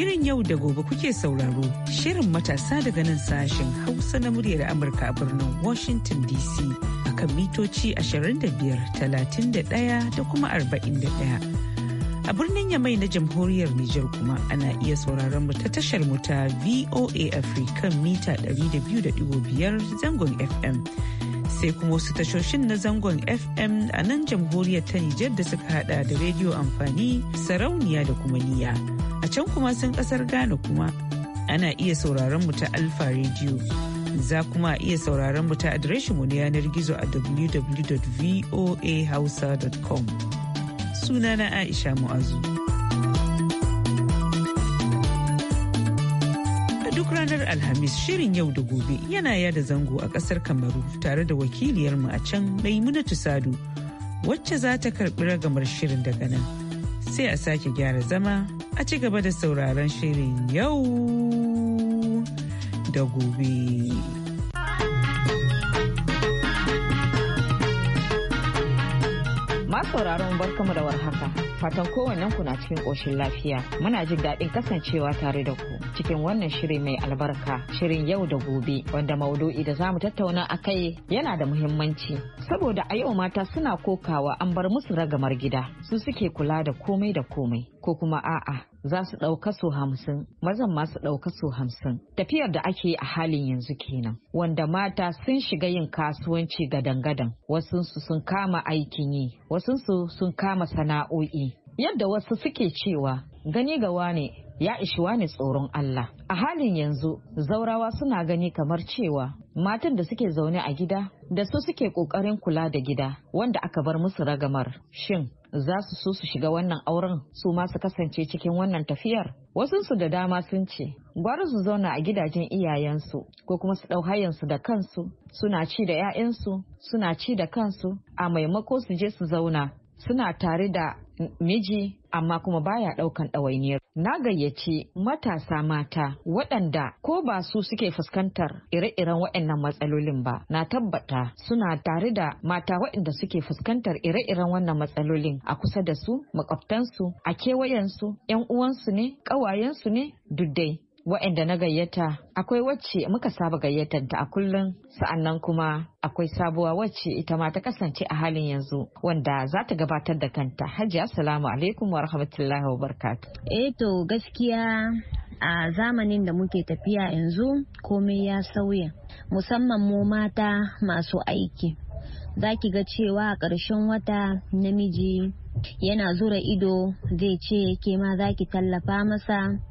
Shirin yau da gobe kuke sauraro, shirin matasa daga nan sashen Hausa na muryar Amurka a birnin Washington DC a kan mitoci 25, 31 da kuma 41. a birnin yamai na jamhuriyar Nijar kuma ana iya sauraron mu ta tashar mu ta VOA Africa mita 200.5 zangon FM. Sai kuma wasu tashoshin na zangon FM a nan jamhuriyar ta Nijar da suka hada da rediyo amfani sarauniya da kuma niya. A can kuma sun kasar Ghana kuma ana iya sauraron mu ta alpha Radio. Za kuma iya sauraron mu ta adireshin mu na yanar gizo a www.voahausa.com. suna na Aisha Mu'azu. duk ranar alhamis shirin yau da gobe yana yada zango a kasar kamaru tare da wakiliyarmu a can maimunatu sadu wacce za ta karbi ragamar shirin daga nan sai a sake gyara zama a ci gaba da sauraron shirin yau da gobe. Masauraron barkamu da warhaka. fatan kowanne ku na cikin koshin lafiya muna jin daɗin kasancewa tare da ku cikin wannan shiri mai albarka shirin yau da gobe wanda maudu'i da zamu tattauna a kai yana da muhimmanci saboda a yau mata suna kokawa an bar musu ragamar gida su suke kula da komai da komai ko kuma a'a za su ɗauka so hamsin mazan masu su ɗauka so hamsin tafiyar da ake yi a halin yanzu kenan wanda mata sun shiga yin kasuwanci gadan-gadan wasunsu sun kama aikin yi wasunsu sun kama sana'o'i yadda wasu suke cewa gani ga wane ya ishi wane tsoron Allah a halin yanzu zaurawa suna gani kamar cewa matan da suke zaune a gida da su suke ƙoƙarin kula da gida wanda aka bar musu ragamar shin za su so su shiga wannan auren su ma su kasance cikin wannan tafiyar? Wasunsu da dama sun ce, gwara su zauna a gidajen iyayensu ko kuma su ɗau hayansu da kansu, suna ci da 'ya'yansu, suna ci da kansu, a maimako su je su zauna, suna tare da miji amma kuma baya ɗaukan ɗawainiyar. Na gayyaci matasa mata waɗanda ko ba su suke fuskantar ire-iren waɗannan matsalolin ba na tabbata suna tare da mata waɗanda suke fuskantar ire-iren wannan matsalolin a kusa da su makwabtansu a kewayensu 'yan uwansu ne ƙawayensu ne duk dai waɗanda na gayyata akwai wacce muka saba gayyatanta a kullum sa'annan kuma akwai sabuwa wacce ita ma ta kasance a halin yanzu wanda za ta gabatar da kanta hajji assalamu alaikum wa rahmatullahi wa barkatu. eh to gaskiya a zamanin da muke tafiya yanzu komai ya sauya musamman mu mata masu aiki za ki ga cewa a ƙarshen wata namiji yana zura ido zai ce ke ma za ki tallafa masa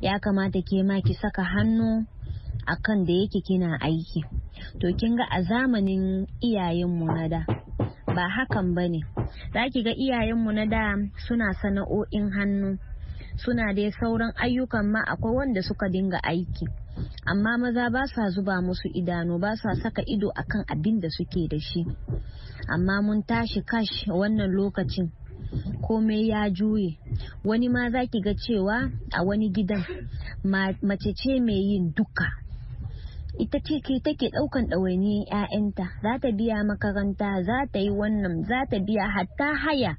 ya kamata ke ma ki saka hannu a akan da yake kina aiki to kin ga a zamanin iyayenmu na da ba hakan ba ne za ki ga iyayenmu na da suna sana'o'in hannu suna dai sauran ayyukan ma akwai wanda suka dinga aiki amma maza ba sa zuba musu idanu ba sa saka ido akan abin da suke da shi amma mun tashi kash wannan lokacin komai ya juye wani ma za ki ga cewa a wani gidan mace ce mai yin duka ita ce ke take daukan ɗawainiyar 'ya'yanta za ta biya makaranta za ta yi wannan za ta biya hatta haya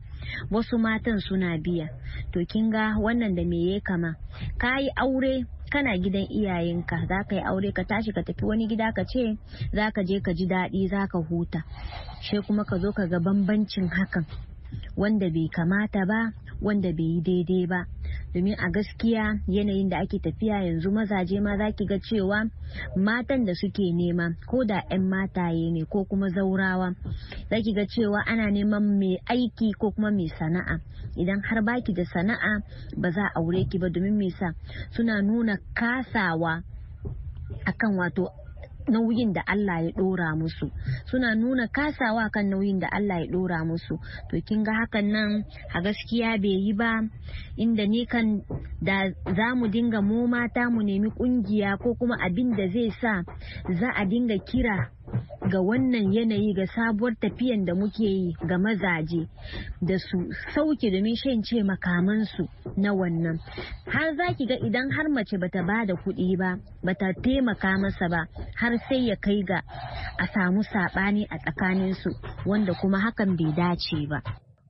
wasu matan suna biya to kin ga wannan da me ya kama ka yi aure kana gidan iyayenka za ka yi aure ka tashi ka tafi wani gida ka ce za ka je ka ji daɗi za ka huta sai kuma ka zo ka ga bambancin hakan wanda bai kamata ba wanda bai yi daidai ba domin a gaskiya yanayin da ake tafiya yanzu mazaje ma za ki ga cewa matan da suke nema ko da 'yan mataye ne ko kuma zaurawa za ki ga cewa ana neman mai aiki ko kuma mai sana'a idan har baki da sana'a ba za a aure ki ba domin me sa suna nuna kasawa akan wato nauyin da Allah ya dora musu suna nuna kasawa kan nauyin da Allah ya dora musu to kin ga hakan nan a gaskiya bai yi ba inda ni kan da za mu dinga mu mata mu nemi kungiya ko kuma abin da zai sa za a dinga kira ga wannan yanayi ga sabuwar tafiyan da muke yi ga mazaje da su sauke domin ce makamansu na wannan har za ki ga idan har mace bata ba da kuɗi ba bata taimaka masa ba har sai ya kai ga a samu saɓani a tsakaninsu wanda kuma hakan bai dace ba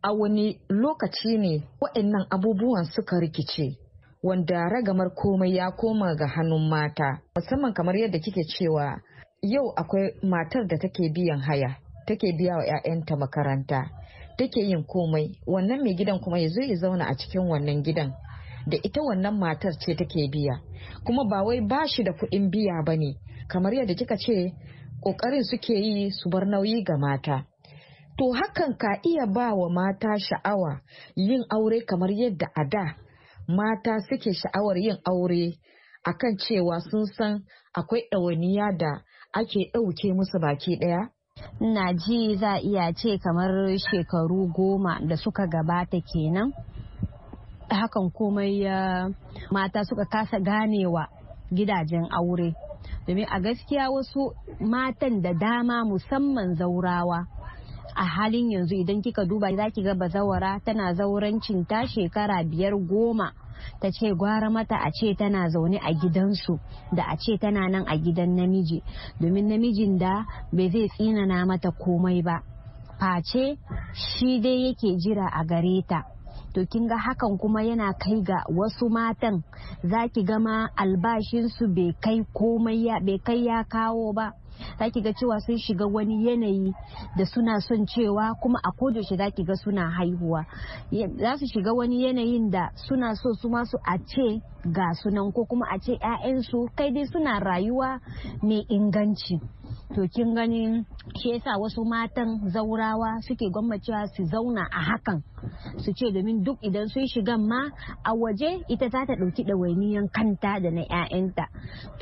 a wani lokaci ne waɗannan abubuwan suka rikice wanda ragamar komai ya koma ga hannun mata musamman kamar yadda kike cewa yau akwai matar da take biyan haya take biya wa 'ya'yanta makaranta take yin komai wannan mai gidan kuma ya zo ya zauna a cikin wannan gidan da ita wannan matar ce take biya kuma ba wai ba shi da kuɗin biya ba ne kamar yadda kika ce ƙoƙarin suke yi su bar nauyi ga mata to hakan ka iya ba wa mata sha'awa yin aure kamar yadda a da mata suke sha'awar yin aure akan cewa sun san akwai ɗawainiya da ake ɗauke musu baki ɗaya? Na ji za iya ce kamar shekaru goma da suka gabata kenan. Hakan komai ya mata suka kasa ganewa gidajen aure. Domin a gaskiya wasu matan da dama musamman zaurawa. a halin yanzu idan kika duba za ki ga bazawara tana zaurancin ta shekara biyar goma ta ce gwara mata a ce tana zaune a gidansu da a ce tana nan a gidan namiji domin namijin da bai zai tsinana mata komai ba face shi dai yake jira a gare ta to kin ga hakan kuma yana kai ga wasu matan zaki ki gama albashinsu bai kai komai ya bai kai ya kawo ba za ki ga cewa sun shiga wani yanayi da suna son cewa kuma a kodayaushe za ki ga suna haihuwa za su shiga wani yanayin da suna so su masu a ce ga sunan ko kuma a ce 'ya'yansu kai dai suna rayuwa mai inganci to kin ganin shi yasa wasu matan zaurawa suke gwammacewa su zauna a hakan su ce domin duk idan sun shigan ma a waje ita za ta ɗauki ɗawainiyan kanta da na 'ya'yanta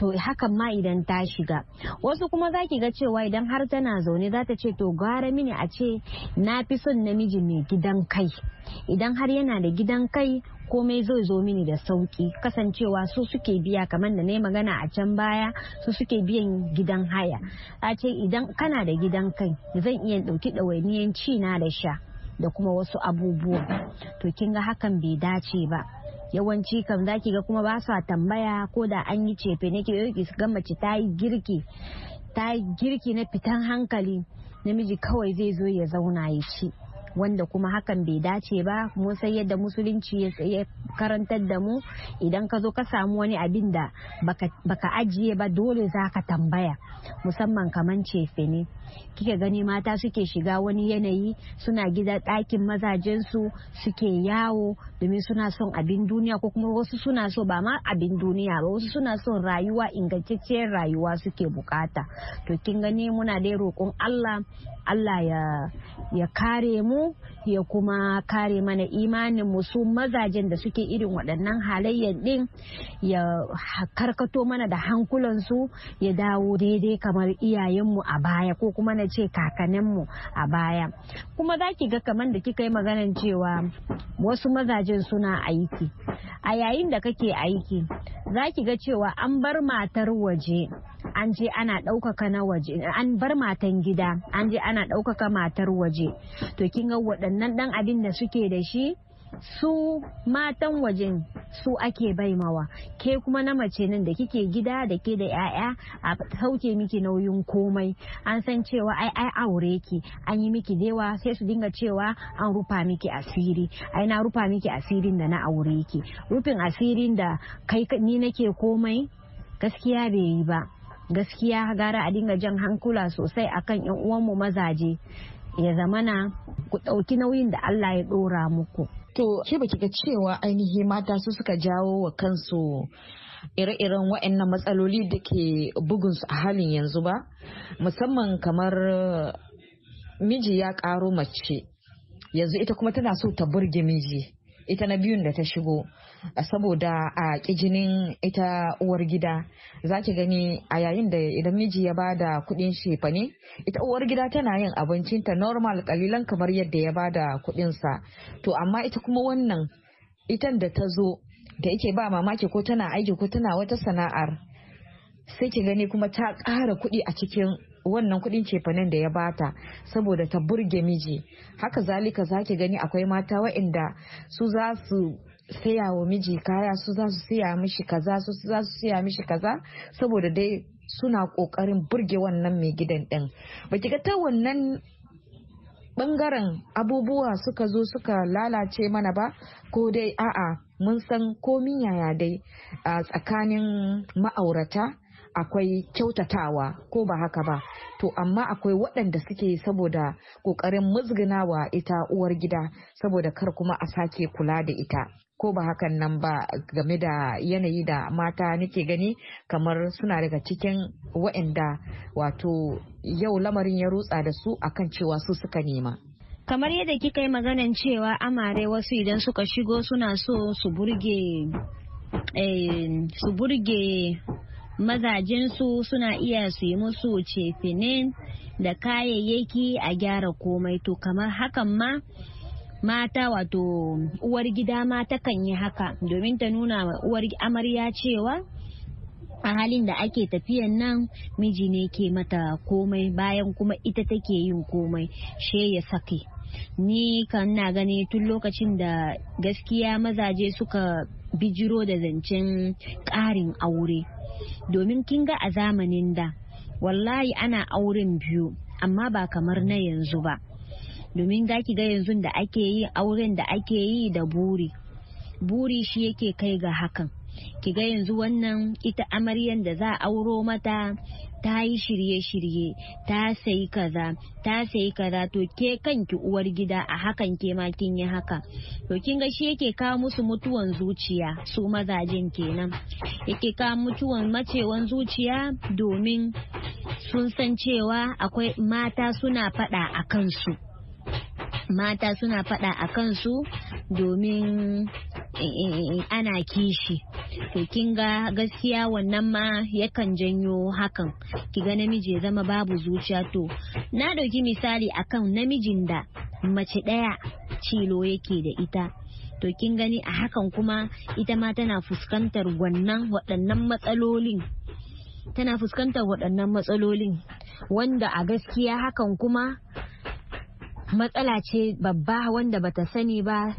to hakan ma idan ta shiga wasu kuma kuma za ki ga cewa idan har tana zaune za ta ce to gara mini a ce na fi son namiji mai gidan kai idan har yana da gidan kai komai zai zo mini da sauki kasancewa su suke biya kamar da na magana a can baya su suke biyan gidan haya a ce idan kana da gidan kai zan iya ɗauki ɗawainiyan ci na da sha da kuma wasu abubuwa to kin ga hakan bai dace ba yawanci kam zaki ga kuma ba sa tambaya ko da an yi cefe ne ke ga mace ta yi girki ta girki na fitan hankali namiji kawai zai zo ya zauna ya ci wanda kuma hakan bai dace ba mu sai yadda musulunci ya karantar da mu idan ka zo ka samu wani abin da baka ajiye ba dole za ka tambaya musamman kamance fini. kike gani mata suke shiga wani yanayi suna gida ɗakin mazajensu suke yawo domin suna son abin duniya ko kuma wasu suna so ba ma abin duniya ba wasu suna son rayuwa ingantacciyar rayuwa suke bukata to kin gani muna dai roƙon Allah Allah ya ya kare mu ya kuma kare mana imanin mu su mazajen da suke irin waɗannan halayyar ɗin ya karkato mana da hankulansu ya dawo daidai kamar iyayenmu a baya ko kuma na ce kakaninmu a baya kuma za ki ga kamar da kika yi maganan cewa wasu mazajen suna aiki a yayin da kake aiki za ki ga cewa an bar matar waje an je ana ɗaukaka na waje an bar matan gida an je ana ɗaukaka matar waje to kin ga waɗannan ɗan abin da suke da shi su matan wajen su ake baimawa ke kuma na mace nan da kike gida da ke da 'ya'ya a sauke miki nauyin komai an san cewa ai ai aure ki an yi miki dewa sai su dinga cewa an rufa miki asiri ai na rufa miki asirin da na aure ki rufin asirin da kai ni nake komai gaskiya bai yi ba gaskiya gara a dinga jan hankula sosai akan yan uwanmu mazaje ya zamana ku ɗauki nauyin da Allah ya ɗora muku. To, ke baki ga cewa ainihi mata su suka jawo wa kansu ire-iren waɗannan matsaloli da ke bugunsu a halin yanzu ba, musamman kamar miji ya ƙaro mace, yanzu ita kuma tana so ta burge miji. ita na biyun da ta shigo saboda a kijinin ita uwar gida za ki gani a yayin da idan miji ya bada kudin shefa ne ita uwar gida tana yin abincinta normal kalilan kamar yadda ya bada kudinsa to amma ita kuma wannan itan da ta zo da yake ba mamaki ko tana aiki ko tana wata sana'ar sai ki gani kuma ta ƙara kuɗi a cikin wannan kudin cefanen da ya bata saboda ta burge miji haka zalika zaki gani akwai mata waɗanda su za su saya wa miji kaya su za su siya mishi kaza su za su siya mishi kaza saboda dai suna kokarin burge wannan mai gidan din baki ga ta wannan bangaren abubuwa suka zo suka lalace mana ba ko dai a'a mun san komin yaya dai a tsakanin ma'aurata akwai kyautatawa ko ba haka ba to amma akwai waɗanda suke saboda ƙoƙarin wa ita uwar gida saboda kar kuma a sake kula da ita ko ba hakan nan ba game da yanayi da mata nake gani kamar suna daga cikin waɗanda wato yau lamarin ya rutsa da su akan cewa su suka nema. kamar yadda kika yi maganan cewa amare wasu idan suka shigo suna so su burge eh, su burge mazajensu suna iya su yi musu cefinin da kayayyaki a gyara komai to kamar hakan ma mata wato uwar gida ma takan yi haka domin ta nuna wa uwar amarya cewa a halin da ake tafiyan nan miji ne ke mata komai bayan kuma ita take yin komai she ya sake ni kan na gani tun lokacin da gaskiya mazaje suka bijiro da zancen ƙarin aure domin kin ga a zamanin da wallahi ana auren biyu amma ba kamar na yanzu ba domin za ki ga yanzu da ake yi auren da ake yi da buri buri shi yake kai ga hakan ki ga yanzu wannan ita amaryan da za a auro mata ta yi shirye-shirye ta sayi kaza ta sayi kaza to ke kanki uwar gida a hakan ke ma kin yi haka to kin ga shi yake kawo musu mutuwan zuciya su mazajin kenan yake kawo mutuwan macewan zuciya domin sun san cewa akwai mata suna fada a kansu mata suna fada a kansu domin eh, eh, eh, ana kishi to kin ga gaskiya wannan ma yakan janyo hakan ki ga namiji ya zama babu zuciya to na ɗauki misali akan namijin da mace ɗaya cilo yake da ita to kin gani a hakan kuma ita ma tana fuskantar wannan waɗannan matsalolin tana fuskantar waɗannan matsalolin wanda a gaskiya hakan kuma matsala ce babba wanda bata sani ba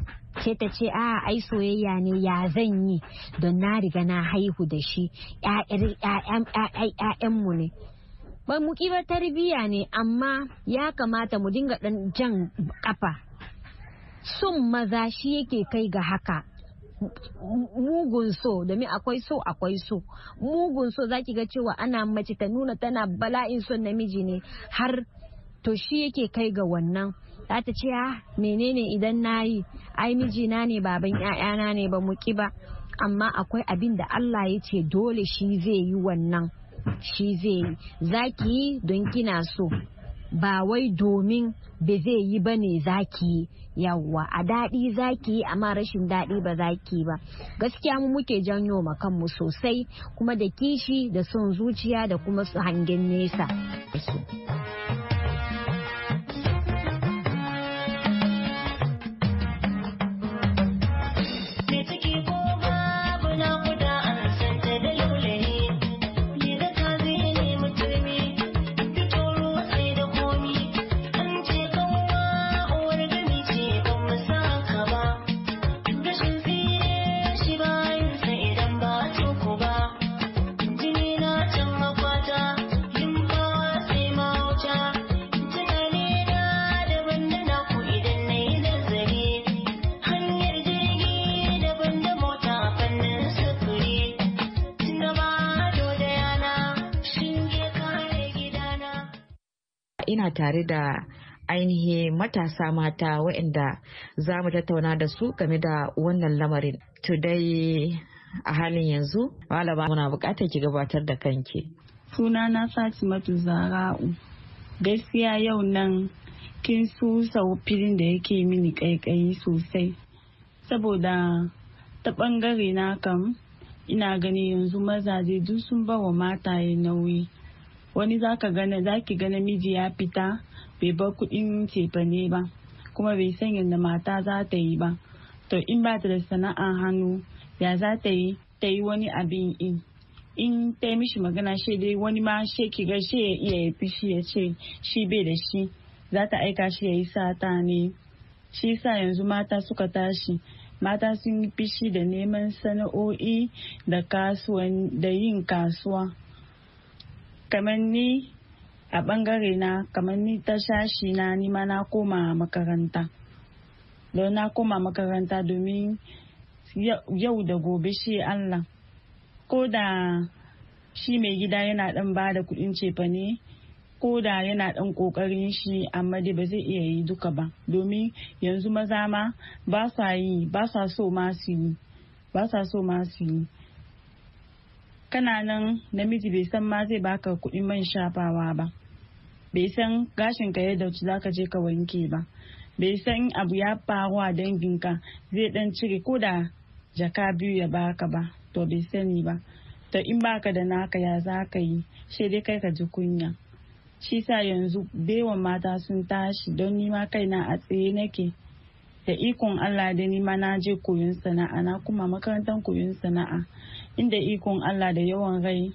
sai ta ce a ai soyayya ne ya zan yi don na riga na haihu da shi mu ne ba mu kibar tarbiyya ne amma ya kamata mu dinga dan jan kafa sun maza shi yake kai ga haka mugun so domin akwai so akwai so mugun so zaki ga cewa ana mace ta nuna tana bala'in son namiji ne har to shi yake kai ga wannan za ta ce ya ah, menene idan na yi ai mijina ne baban 'ya'yana ne ba mu ba amma akwai abin da Allah ya ce dole shi zai yi wannan shi zai yi za ki yi don kina so ba wai domin ba zai yi ba ne za ki yi yawwa a daɗi za ki yi amma rashin daɗi ba za ki ba gaskiya mu muke janyo ma kanmu sosai kuma da kishi da son zuciya da kuma su hangen nesa. ina tare da ainihi matasa mata waɗanda za mu tattauna da su game da wannan lamarin. Today a halin yanzu, malama muna buƙatar ki gabatar da kanki. Suna na matu Zara'u. Gaskiya yau nan kin susa filin da yake mini ƙaiƙayi sosai. Saboda ta ɓangare na kam ina gani yanzu mazaje duk sun bawa mataye nauyi wani ka gana ki ga namiji ya fita bai bar kuɗin ne ba kuma bai san yadda mata za ta yi ba to in ba ta da sana'ar hannu ya za ta yi ta yi wani abin in in ta yi mishi magana shi dai wani ma shi ki ga shi ya iya ya shi ya ce shi bai da shi za ta aika shi ya yi sata ne shi sa yanzu mata suka tashi mata sun yi fishi da neman sana'o'i da yin kasuwa kamar ni a bangare na kamar ni ta shashi na nima na koma makaranta don na koma makaranta domin yau da gobe shi allah ko da shi mai gida yana dan ba da kudin cefane ko da yana dan kokarin shi amma dai ba zai iya yi duka ba domin yanzu maza ma ba sa yi ba sa so ma yi ba sa so ma su yi kana nan namiji bai san ma zai baka kuɗin man shafawa ba bai san gashin ka yadda za ka je ka wanke ba bai san abu ya faru danginka zai dan cire ko da jaka biyu ya baka ba to bai sani ba to in baka da naka ya za ka yi shi dai kai ka ji kunya shi sa yanzu bewan mata sun tashi don nima kaina a tsaye nake da ikon Allah da nima na je koyon sana'a na kuma makarantar koyon sana'a inda ikon Allah da yawan rai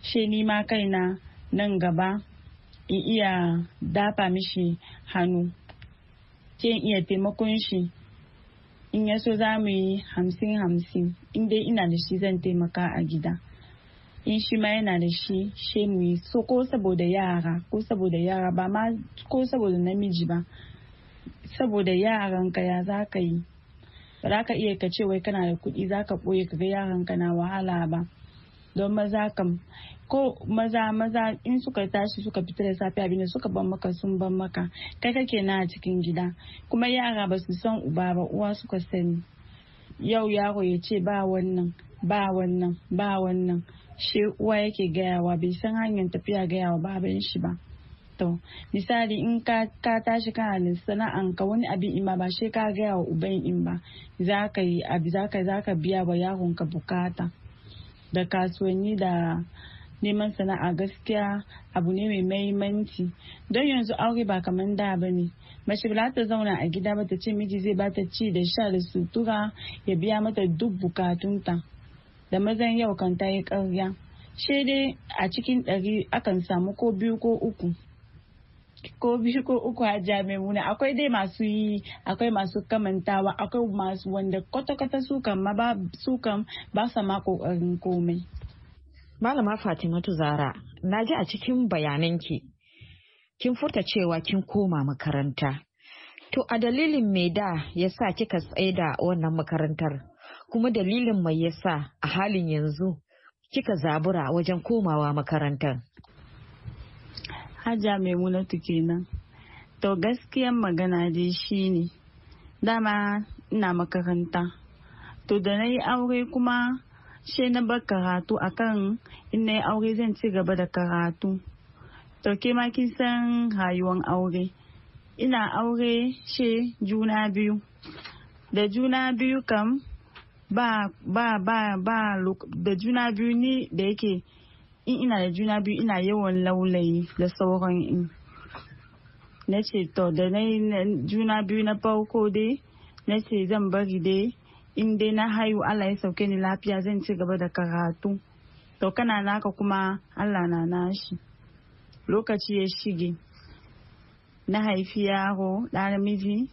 she nima kaina nan gaba in iya dafa mishi hannu ke iya taimakon shi in ya so za mu yi hamsin hamsin inda ina da shi zan taimaka a gida in shi ma yana da shi she mu yi so ko saboda yara ko saboda yara ba ma ko saboda namiji ba saboda yaranka ya za ka yi ba za ka iya ka ce wai kana da kuɗi za ka ɓoye ka ga yaranka na wahala ba don maza kam ko maza maza in suka tashi suka fita da safe abin da suka ban maka sun ban maka kai kake na a cikin gida kuma yara ba su san uba ba uwa suka sani yau yaro ya ce ba wannan ba wannan ba wannan shi uwa yake gayawa bai san hanyar tafiya gayawa baban shi ba to misali in ka ka tashi kana da sana'an ka wani abin in ma ba shi ka gaya wa uban in ba za ka yi abi za ka za ka biya wa yaron ka bukata da kasuwanni da neman sana'a gaskiya abu ne mai mahimmanci don yanzu aure ba kamar da ba ne mace ba ta zauna a gida ba ta ce miji zai ba ta ci da sha da sutura ya biya mata duk bukatunta da mazan yau kan ta yi karya shi a cikin ɗari akan samu ko biyu ko uku ko biyu ko uku a jami'una akwai dai masu yi akwai masu kamantawa akwai masu wanda kwata-kwata su kan ma ba su kan ba sa ma kokarin komai malama fatimatu zara na ji a cikin bayananki kin furta cewa kin koma makaranta to a dalilin mai da ya sa kika tsaida wannan makarantar kuma dalilin mai yasa a halin yanzu kika zabura wajen komawa makarantar hajja maimunatu kenan to gaskiyan magana dai shine dama ina makaranta to da na yi aure kuma she na bar karatu akan in ina yi aure zan ci gaba da karatu to ke ma kin san rayuwan aure ina aure she juna biyu da juna biyu kam ba ba ba ba da juna biyu ni da yake in ina da juna biyu ina yawan laulayi da sauran in na ce to da na juna biyu na farko dai na ce zan bari dai in dai na haihu allah ya sauke ni lafiya zan ci gaba da karatu to kana naka kuma allah na nashi lokaci ya shige na haifi yaro ɗanamiji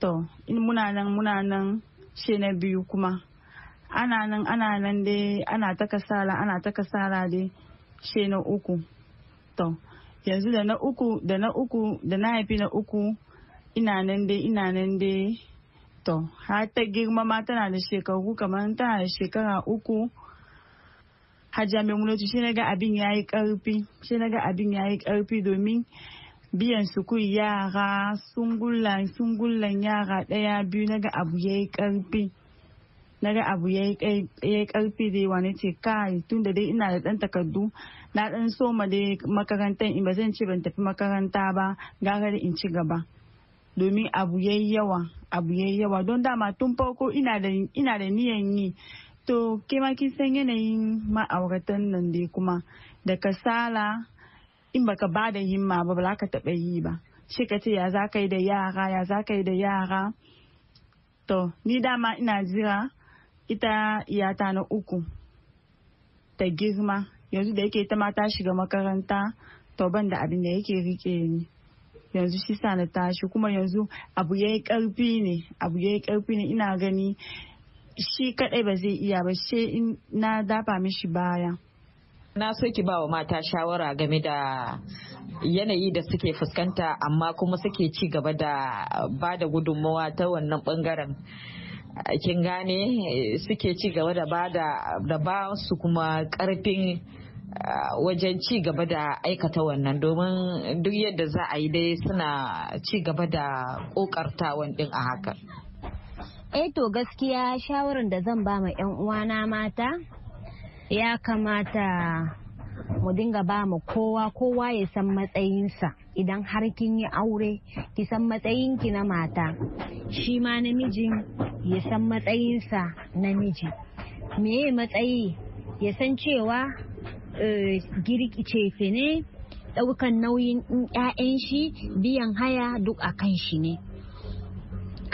to in muna nan muna nan she na biyu kuma ana nan ana nan dai ana ta kasala ana ta kasala dai she na uku to yanzu da na uku da na uku da na haifi na uku ina nan dai ina nan dai to har ta girma ma tana da shekaru kamar tana da shekara uku hajja mai mulotu shi na ga abin ya yi karfi shi na abin ya yi karfi domin biyan sukun yara sungulan sungulan yara ɗaya biyu naga abu ya yi karfi na ga abu ya yi karfi da yawa na ce kai tun da dai ina da dan takardu na dan soma dai makarantar in ba zan ce ban tafi makaranta ba gagar in ci gaba domin abu ya yi yawa abu ya yi yawa don dama tun farko ina da niyan yi to kima kin san yanayin ma'auratan nan dai kuma da kasala in baka ba da himma ba ba ka taɓa yi ba shi ka ce ya za ka yi da yara ya za ka yi da yara to ni dama ina jira ita iyata na uku ta girma yanzu da yake ta ma ta shiga makaranta to ban da abin da yake rike ni yanzu shi sa na tashi kuma yanzu abu ya yi karfi ne abu ya yi karfi ne ina gani shi kadai ba zai iya ba sai na dafa mishi baya na so ki ba wa mata shawara game da yanayi da suke fuskanta amma kuma suke ci gaba da ba da gudunmawa ta wannan bangaren kin gane suke ci gaba da ba da ba su kuma karfin wajen ci gaba da aikata wannan domin duk yadda za a yi dai suna ci gaba da kokartawan din a haka. eh to gaskiya shawarar da zan ba ma 'yan uwana mata ya kamata mu dinga ba ma kowa kowa ya san matsayinsa. idan har kin yi aure ki san matsayin ki na mata shi ma namijin ya san matsayinsa namiji meye matsayi ya san cewa eh, girki cefe ne ɗaukan nauyin 'ya'yan shi biyan haya duk a kan shi ne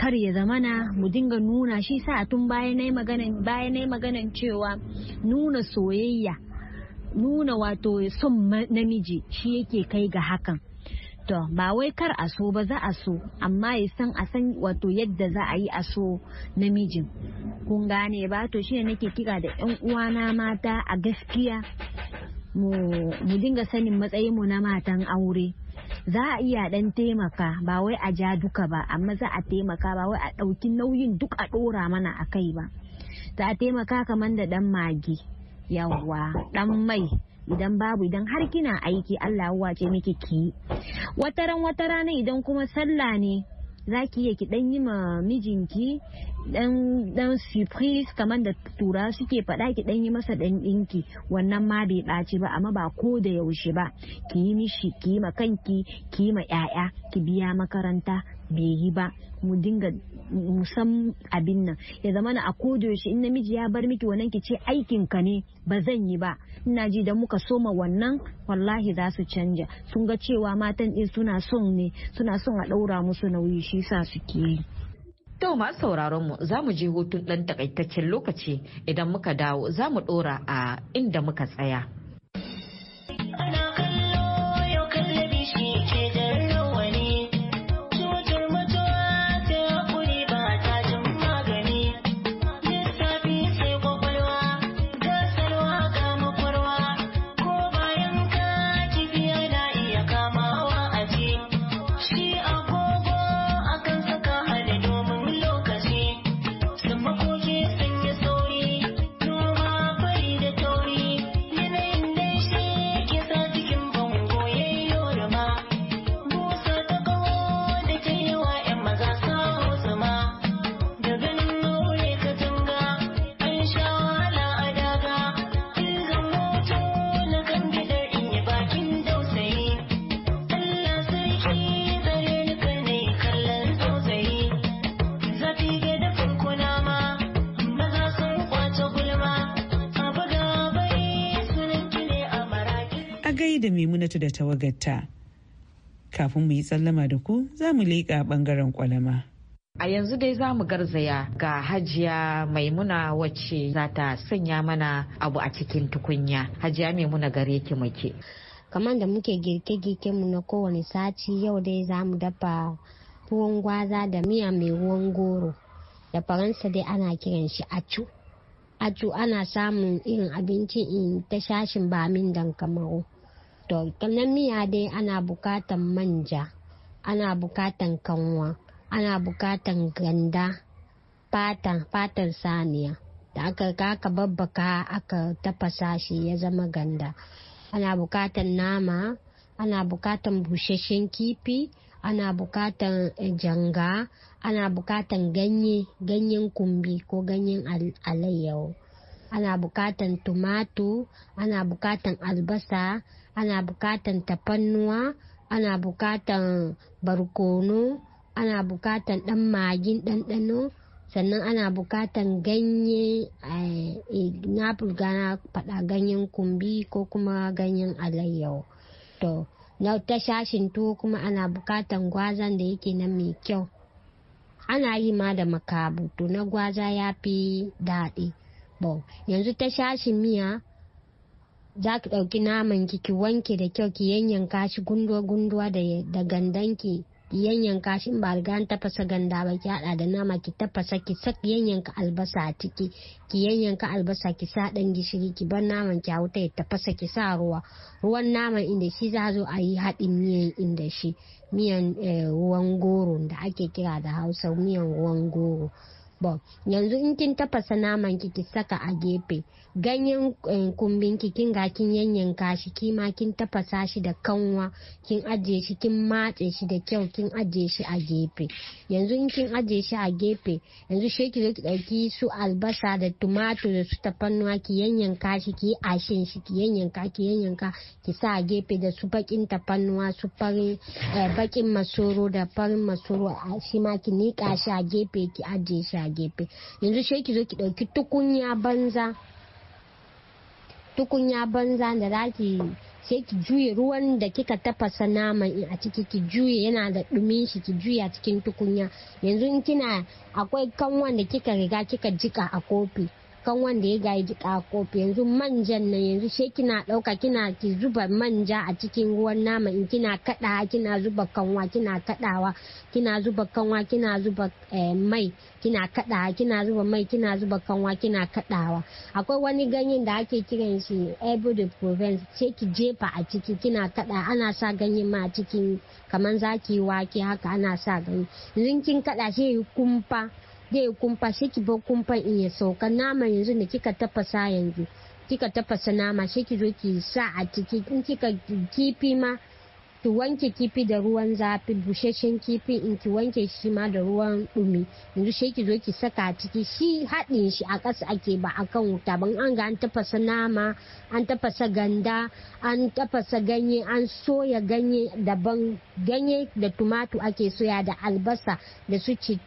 kar ya zamana mu dinga nuna shi sa tun bayan na maganan maganan cewa nuna soyayya nuna wato son namiji shi yake kai ga hakan to ba wai kar a so ba za a so amma ya san a san wato yadda za a yi a so namijin kun gane ba to shine nake kira da yan uwana mata a gaskiya mu dinga sanin mu na matan aure za a iya dan taimaka ba wai a ja duka ba amma za a taimaka ba wai a ɗauki nauyin duk a ɗora mana a kai ba za a taimaka kamar da ɗan magi yawwa ɗan mai idan babu idan har kina aiki Allah wace miki ki Wata ran wata rana idan kuma sallah ne zaki ki iya ki dan yi ma mijinki dan surprise kamar da tura suke faɗa ki dan yi masa dan ɗinki wannan ma bai ɓaci ba amma ba ko da yaushe ba ki yi mishi ki ma kanki ki ma 'ya'ya ki biya makaranta bai yi ba mu dinga musam abin nan ya zama na a kodayaushe in namiji ya bar miki wannan ki ce aikin ka ne ba zan yi ba ina ji da muka soma wannan wallahi za su canja sun ga cewa matan din suna son ne suna son a ɗaura musu nauyi shi sa suke yi To masu sauraron mu za mu je hutun ɗan takaitaccen lokaci idan muka dawo za mu ɗora a inda muka tsaya. da Maimunatu da tawagarta. Kafin mu yi tsallama da ku za mu leƙa ɓangaren kwalama. A yanzu dai za mu garzaya ga hajiya maimuna wacce za ta sanya mana abu a cikin tukunya. Hajiya maimuna gare ki muke. Kamar da muke girke-girke mu na kowane sati yau dai za mu dafa tuwon gwaza da miya mai ruwan goro. Da faransa dai ana kiran shi acu. Acu ana samun irin abincin in ta shashin bamin dan kamaru. to miya dai ana bukatan manja ana bukatan kanwa ana bukatan ganda fatan fatan saniya da aka kaka babbaka aka tafasa shi ya zama ganda ana bukatan nama ana bukatan busasshen kifi ana bukatan eh, janga ana bukatan ganye ganyen kumbi ko ganyen alayyawo ana bukatan tumatu ana bukatan albasa ana bukatan tafannuwa ana bukatan barkono ana bukatan ɗan magin ɗanɗano sannan ana bukatan ganye eh, eh, na gana faɗa ganyen kumbi ko kuma ganyen alayyau to na ta shashin tuwo kuma ana bukatan gwazan da yake na mai kyau ana yi ma da makabu to na gwaza ya fi daɗi bon yanzu ta shashin miya za ki ɗauki naman ki ki wanke da kyau ki yanyanka shi gunduwa-gunduwa da gandan ki yanyanka shi in ba riga an tafasa ganda ba ki hada da nama ki tafasa ki yanyan yanyanka albasa a ciki ki yanyanka albasa ki sa dan gishiri ki bar naman ki a wuta ya tafasa ki sa ruwa ruwan naman inda shi za zo a yi haɗin miyan inda shi miyan eh, ruwan goro da ake kira da hausa miyan ruwan goro Bob, yanzu in kin tafasa naman ki saka a gefe, ganyen eh, kumbin ki kin ga kin yanyanka shi kima kin tafasa shi da kanwa, kin ajiye shi kin matse shi da kyau kin ajiye shi a gefe. Yanzu in kin ajiye shi a gefe, yanzu shi ki zo ki ɗauki su albasa da tumatur da su tafannuwa ki yanyanka shi ki ashin shi ki yanyanka ki yanyanka ki sa a gefe da su bakin tafannuwa su farin eh, bakin masoro da farin masoro shi ma ki nika shi a gefe ki ajiye shi a gefe yanzu sheki zo ki ɗauki tukunya banza tukunya banza da za ki sai ki juye ruwan da kika tafasa naman a ciki ki juye yana da ɗumin shi ki juya cikin tukunya yanzu kina akwai kanwan da kika riga kika jika a kofi kan wanda ya gaji kofi yanzu manjan nan yanzu she kina ɗauka kina ki zuba manja a cikin ruwan nama in kina kaɗa kina zuba kanwa kina kaɗawa kina zuba kanwa kina zuba eh, mai kina kaɗawa kina zuba mai kina zuba kanwa kina kaɗawa akwai wani ganyen da ake kiran shi ebo de provence she ki jefa a ciki kina kaɗa ana sa ganyen ma a cikin kamar zaki wake haka ana sa ganye yanzu kin kaɗa shi kumfa zai kumfa shi ki bar kumfan in ya sauka nama yanzu da kika tafasa yanzu kika tafasa nama shi ki zo ki sa a ciki in kika kifi ma ki wanke kifi da ruwan zafi busheshen kifi in ki wanke shi ma da ruwan dumi yanzu shi ki zo ki saka a ciki shi haɗin shi a ƙasa ake ba a kan wuta ban an ga an tafasa nama an tafasa ganda an tafasa ganye an soya ganye daban ganye da tumatu ake soya da albasa da su citta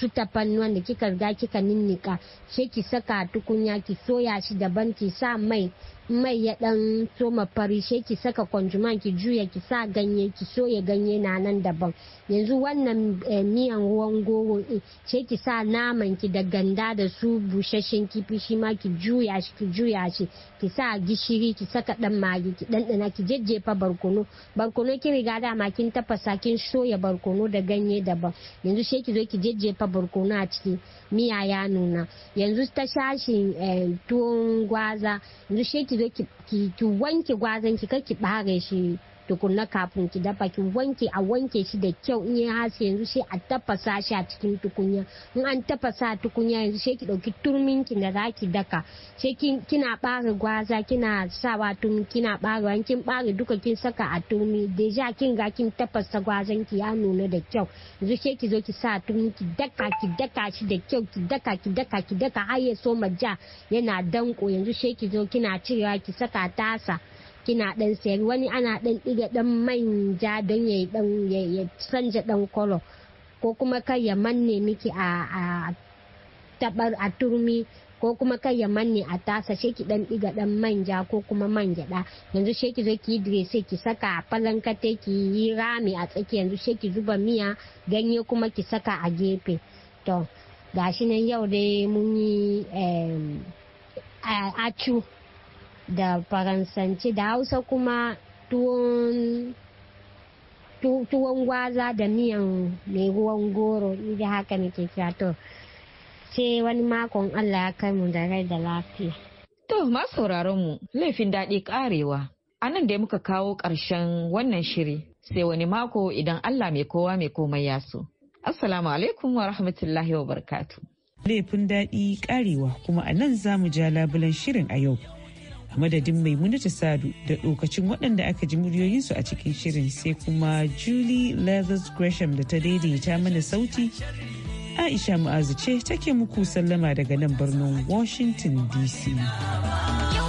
su tafannuwan da kika riga kika ninnika sai ki saka tukunya ki soya shi daban ki sa mai mai ya dan soma fari sai ki saka kwanjuman ki juya ki sa ganye ki soya ganye na nan daban yanzu wannan eh, miyan ruwan goro eh, sai ki sa naman ki da ganda da su busashen kifi shi ma ki juya shi ki juya shi ki sa gishiri ki saka dan magi ki dandana ki jejjefa barkono barkono ki riga dama kin tafasa kin soya barkono da ganye daban yanzu sai ki zo ki jejje. jefa barkono a ciki miya ya nuna yanzu ta shashin eh, tuwon gwaza yanzu shi ki zo ki wanke gwazan ki kar ki bare shi tukunna kafin ki dafa ki wanke a wanke shi da kyau in ya hasa yanzu sai a tafasa shi a cikin tukunya in an tafasa tukunya yanzu sai ki dauki turmin ki da zaki daka sai kina bare gwaza kina sawa tumi kina bare kin bare duka kin saka a turmi deja kin ga kin tafasa gwazan ki ya nuna da kyau yanzu sai ki zo ki sa turmi ki daka ki daka shi da kyau ki daka ki daka ki daka har ya soma ja yana danko yanzu sai ki zo kina cirewa ki saka tasa kina dan sayar wani ana dan diga dan manja don ya dan ya canja dan kolo ko kuma kai ya manne miki a tabar a turmi ko kuma kar ya manne a tasa sai ki dan diga dan manja ko kuma man gyada yanzu sai ki zo ki dresse ki saka a falankate ki yi rami a tsaki yanzu sai ki zuba miya ganye kuma ki saka a gefe to gashi nan yau dai mun yi eh, acu da faransanci da hausa kuma tuwon tuwon gwaza da miyan mai ruwan goro da haka muke kira to sai wani makon Allah ya kai mu da rai da lafiya. To ma sauraron mu laifin daɗi ƙarewa a nan da muka kawo ƙarshen wannan shiri sai wani mako idan Allah mai kowa mai komai ya so. Assalamu alaikum wa rahmatullahi wa barkatu. Laifin daɗi ƙarewa kuma a nan za mu ja labulen shirin a yau. a madadin ta sadu da dokacin waɗanda aka ji muryoyinsu a cikin shirin sai kuma julie leathers gresham da ta daidaita mana sauti aisha mu'azu ce take muku sallama daga nan birnin washington dc